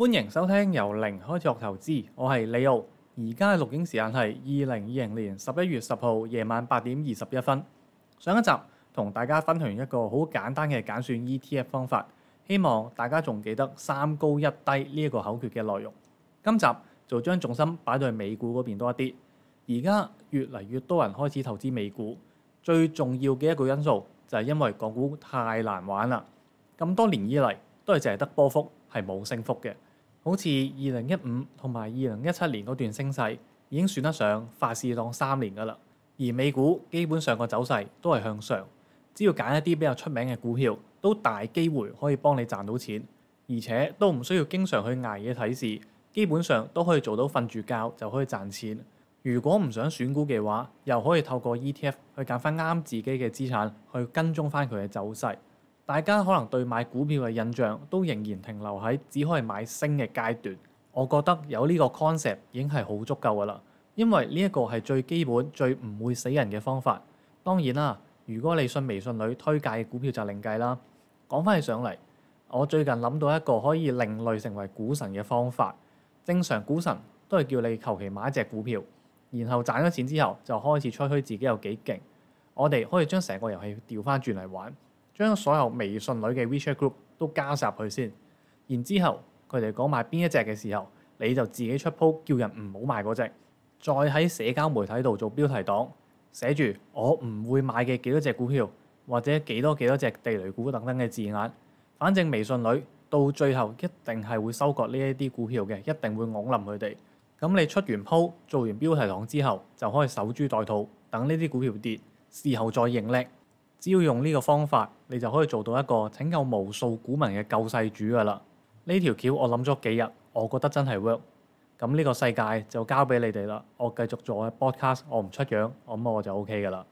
歡迎收聽由零開始學投資，我係李奧，而家錄影時間係二零二零年十一月十號夜晚八點二十一分。上一集同大家分享一個好簡單嘅簡算 ETF 方法，希望大家仲記得三高一低呢一個口訣嘅內容。今集就將重心擺到去美股嗰邊多一啲。而家越嚟越多人開始投資美股，最重要嘅一個因素就係因為港股太難玩啦，咁多年以嚟都係淨係得波幅係冇升幅嘅。好似二零一五同埋二零一七年嗰段升勢已經算得上發市當三年嘅啦，而美股基本上個走勢都係向上，只要揀一啲比較出名嘅股票，都大機會可以幫你賺到錢，而且都唔需要經常去捱夜睇市，基本上都可以做到瞓住覺就可以賺錢。如果唔想選股嘅話，又可以透過 ETF 去揀翻啱自己嘅資產去跟蹤翻佢嘅走勢。大家可能對買股票嘅印象都仍然停留喺只可以買升嘅階段，我覺得有呢個 concept 已經係好足夠㗎啦，因為呢一個係最基本、最唔會死人嘅方法。當然啦，如果你信微信裏推介嘅股票就另計啦。講翻起上嚟，我最近諗到一個可以另類成為股神嘅方法。正常股神都係叫你求其買一隻股票，然後賺咗錢之後就開始吹噓自己有幾勁。我哋可以將成個遊戲調翻轉嚟玩。將所有微信裏嘅 WeChat Group 都加晒入去先，然之後佢哋講買邊一隻嘅時候，你就自己出 po 叫人唔好買嗰隻，再喺社交媒體度做標題黨，寫住我唔會買嘅幾多隻股票或者幾多幾多隻地雷股等等嘅字眼。反正微信裏到最後一定係會收割呢一啲股票嘅，一定會拱冧佢哋。咁你出完 po 做完標題黨之後，就可以守株待兔，等呢啲股票跌，事後再認叻。只要用呢個方法，你就可以做到一個拯救無數股民嘅救世主噶啦！呢條橋我諗咗幾日，我覺得真係 work。咁呢個世界就交俾你哋啦。我繼續做嘅 podcast，我唔出樣，咁我，我就 OK 噶啦。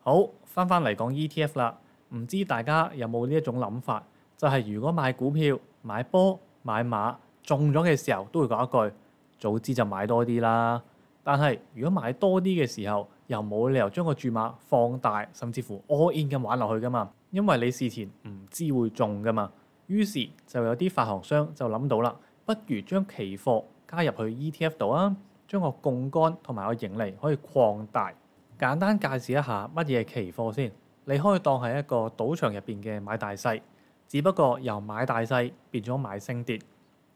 好，翻翻嚟講 ETF 啦。唔知大家有冇呢一種諗法？就係如果買股票、買波、買馬中咗嘅時候，都會講一句：早知就買多啲啦。但係如果買多啲嘅時候，又冇理由將個注碼放大，甚至乎 all in 咁玩落去噶嘛？因為你事前唔知會中噶嘛，於是就有啲發行商就諗到啦，不如將期貨加入去 ETF 度啊，將個槓桿同埋個盈利可以擴大。簡單介紹一下乜嘢期貨先，你可以當係一個賭場入邊嘅買大細，只不過由買大細變咗買升跌，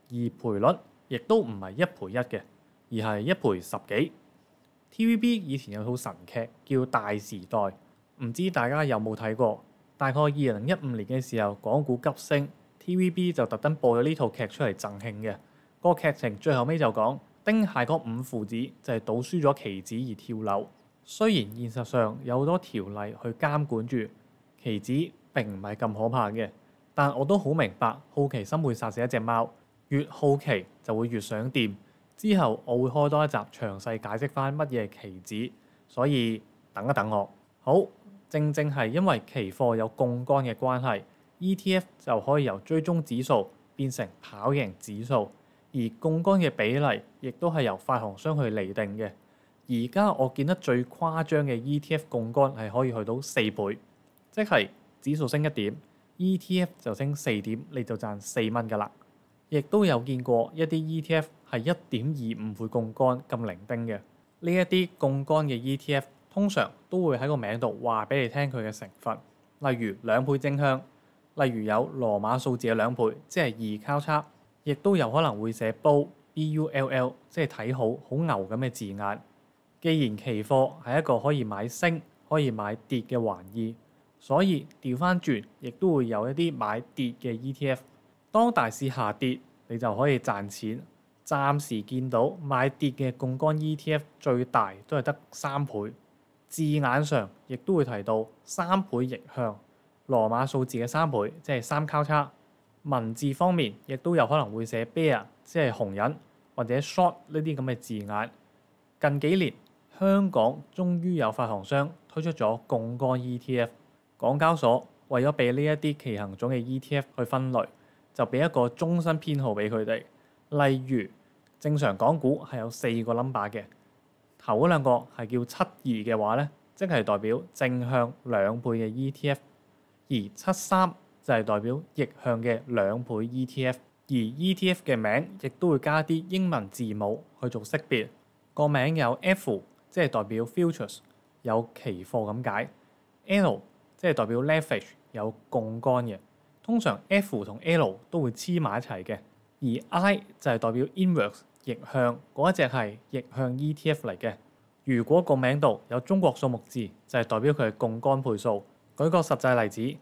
而賠率亦都唔係一賠一嘅，而係一賠十幾。TVB 以前有套神劇叫《大時代》，唔知大家有冇睇過？大概二零一五年嘅時候，港股急升，TVB 就特登播咗呢套劇出嚟贈慶嘅。個劇情最後尾就講丁蟹個五父子就係賭輸咗期指而跳樓。雖然現實上有好多條例去監管住期指並唔係咁可怕嘅，但我都好明白好奇心會殺死一隻貓，越好奇就會越想掂。之後我會開多一集詳細解釋翻乜嘢期指，所以等一等我。好，正正係因為期貨有槓桿嘅關係，ETF 就可以由追蹤指數變成跑贏指數，而槓桿嘅比例亦都係由發行商去釐定嘅。而家我見得最誇張嘅 ETF 槓桿係可以去到四倍，即係指數升一點，ETF 就升四點，你就賺四蚊㗎啦。亦都有見過一啲 ETF 係一點二五倍槓桿咁零丁嘅。呢一啲槓桿嘅 ETF，通常都會喺個名度話俾你聽佢嘅成分，例如兩倍正向，例如有羅馬數字嘅兩倍，即係二交叉，亦都有可能會寫煲 b u l l，即係睇好好牛咁嘅字眼。既然期貨係一個可以買升可以買跌嘅玩意，所以調返轉亦都會有一啲買跌嘅 ETF。當大市下跌，你就可以賺錢。暫時見到買跌嘅槓桿 ETF 最大都係得三倍。字眼上亦都會提到三倍逆向，羅馬數字嘅三倍，即係三交叉。文字方面亦都有可能會寫 bear，即係熊人，或者 short 呢啲咁嘅字眼。近幾年香港終於有發行商推出咗槓桿 ETF。港交所為咗俾呢一啲奇行種嘅 ETF 去分類。就俾一個終身編號俾佢哋，例如正常港股係有四個 number 嘅，頭嗰兩個係叫七二嘅話咧，即係代表正向兩倍嘅 ETF，而七三就係代表逆向嘅兩倍 ETF，而 ETF 嘅名亦都會加啲英文字母去做識別，個名有 F 即係代表 futures 有期貨咁解，L 即係代表 leverage 有槓桿嘅。通常 F 同 L 都會黐埋一齊嘅，而 I 就係代表 inverse 逆向嗰一隻係逆向 ETF 嚟嘅。如果個名度有中國數目字，就係、是、代表佢係槓桿倍數。舉個實際例子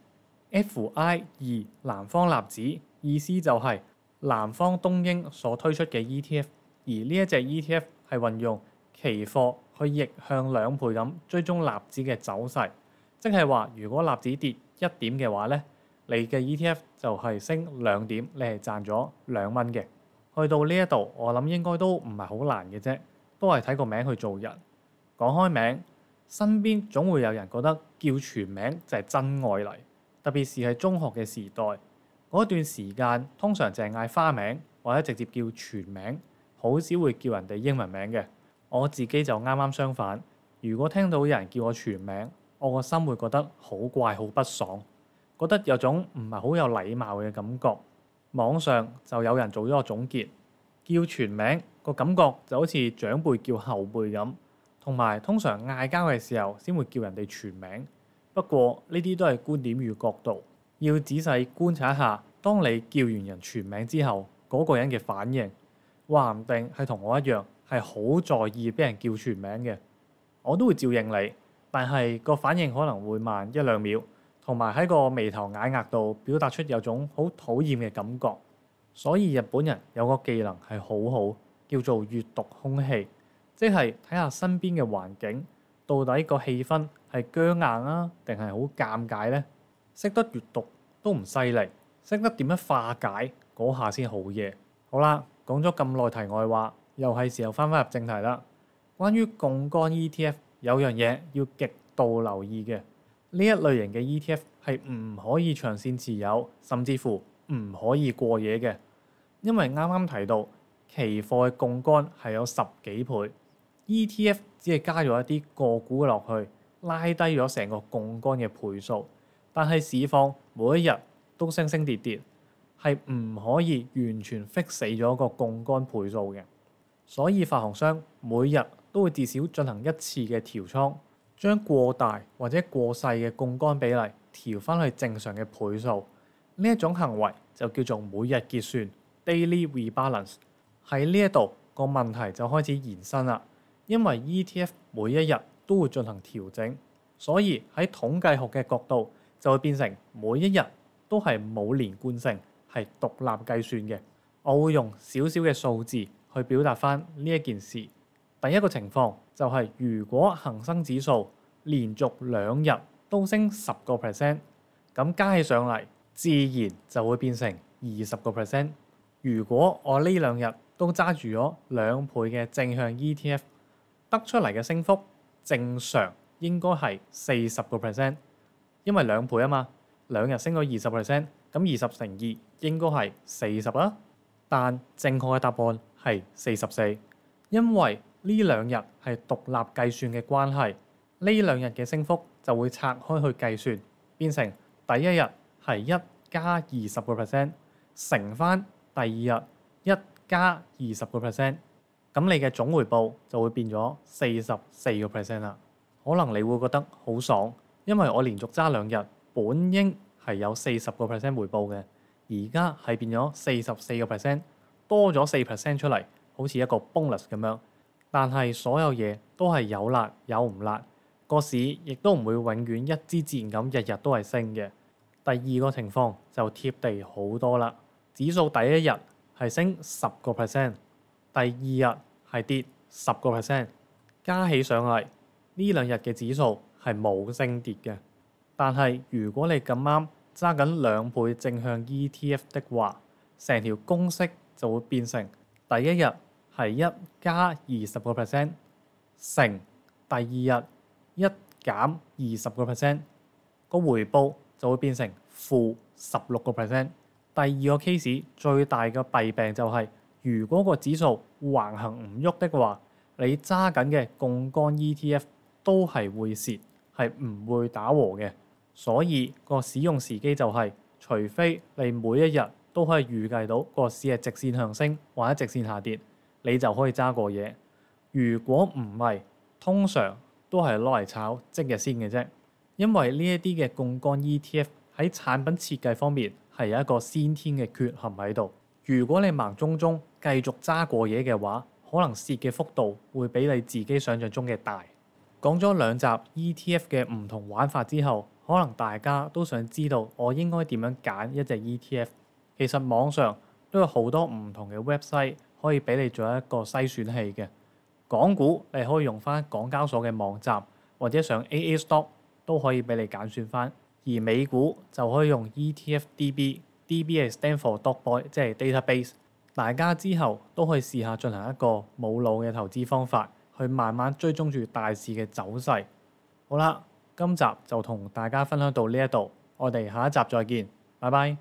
，F.I. 二南方納指意思就係南方東英所推出嘅 ETF，而呢一隻 ETF 係運用期貨去逆向兩倍咁追蹤納指嘅走勢，即係話如果納指跌一點嘅話呢。你嘅 ETF 就係升兩點，你係賺咗兩蚊嘅。去到呢一度，我諗應該都唔係好難嘅啫，都係睇個名去做人。講開名，身邊總會有人覺得叫全名就係真愛嚟，特別是係中學嘅時代嗰段時間，通常淨嗌花名或者直接叫全名，好少會叫人哋英文名嘅。我自己就啱啱相反，如果聽到有人叫我全名，我個心會覺得好怪好不爽。覺得有種唔係好有禮貌嘅感覺。網上就有人做咗個總結，叫全名，個感覺就好似長輩叫後輩咁，同埋通常嗌交嘅時候先會叫人哋全名。不過呢啲都係觀點與角度，要仔細觀察一下。當你叫完人全名之後，嗰個人嘅反應，話唔定係同我一樣，係好在意俾人叫全名嘅。我都會照應你，但係個反應可能會慢一兩秒。同埋喺個眉頭眼額度表達出有種好討厭嘅感覺，所以日本人有個技能係好好，叫做閲讀空氣，即係睇下身邊嘅環境到底個氣氛係僵硬啊，定係好尷尬呢？識得閲讀都唔犀利，識得點樣化解嗰下先好嘢。好啦，講咗咁耐題外話，又係時候翻返入正題啦。關於槓桿 ETF 有樣嘢要極度留意嘅。呢一類型嘅 ETF 係唔可以長線持有，甚至乎唔可以過夜嘅，因為啱啱提到期貨嘅槓桿係有十幾倍，ETF 只係加咗一啲個股落去，拉低咗成個槓桿嘅倍數，但係市況每一日都升升跌跌，係唔可以完全 fix 死咗個槓桿倍數嘅，所以發行商每日都會至少進行一次嘅調倉。將過大或者過細嘅槓桿比例調翻去正常嘅倍數，呢一種行為就叫做每日結算 （daily rebalance）。喺呢一度個問題就開始延伸啦，因為 ETF 每一日都會進行調整，所以喺統計學嘅角度就會變成每一日都係冇連貫性，係獨立計算嘅。我會用少少嘅數字去表達翻呢一件事。第一個情況就係，如果恒生指數連續兩日都升十個 percent，咁加起上嚟自然就會變成二十個 percent。如果我呢兩日都揸住咗兩倍嘅正向 ETF，得出嚟嘅升幅正常應該係四十個 percent，因為兩倍啊嘛，兩日升咗二十 percent，咁二十乘二應該係四十啦。但正確嘅答案係四十四，因為呢兩日係獨立計算嘅關係，呢兩日嘅升幅就會拆開去計算，變成第一日係一加二十個 percent 乘翻第二日一加二十個 percent，咁你嘅總回報就會變咗四十四個 percent 啦。可能你會覺得好爽，因為我連續揸兩日，本應係有四十個 percent 回報嘅，而家係變咗四十四個 percent，多咗四 percent 出嚟，好似一個 bonus 咁樣。但係所有嘢都係有辣有唔辣，個市亦都唔會永遠一支自然咁日日都係升嘅。第二個情況就貼地好多啦，指數第一日係升十個 percent，第二日係跌十個 percent，加起上嚟呢兩日嘅指數係冇升跌嘅。但係如果你咁啱揸緊兩倍正向 ETF 的話，成條公式就會變成第一日。係一加二十個 percent，乘第二日一減二十個 percent，個回報就會變成負十六個 percent。第二個 case 最大嘅弊病就係、是，如果個指數橫行唔喐的話，你揸緊嘅槓桿 ETF 都係會蝕，係唔會打和嘅。所以個使用時機就係、是，除非你每一日都可以預計到個市係直線上升或者直線下跌。你就可以揸過嘢。如果唔係，通常都係攞嚟炒即日先嘅啫。因為呢一啲嘅槓桿 ETF 喺產品設計方面係有一個先天嘅缺陷喺度。如果你盲中中繼續揸過嘢嘅話，可能蝕嘅幅度會比你自己想像中嘅大。講咗兩集 ETF 嘅唔同玩法之後，可能大家都想知道我應該點樣揀一隻 ETF。其實網上都有好多唔同嘅 website。可以俾你做一個篩選器嘅，港股你可以用翻港交所嘅網站，或者上 AA Stock 都可以俾你揀選翻。而美股就可以用 ETF DB stand for、DB 嘅 stand for 即係 Database，大家之後都可以試下進行一個冇腦嘅投資方法，去慢慢追蹤住大市嘅走勢。好啦，今集就同大家分享到呢一度，我哋下一集再見，拜拜。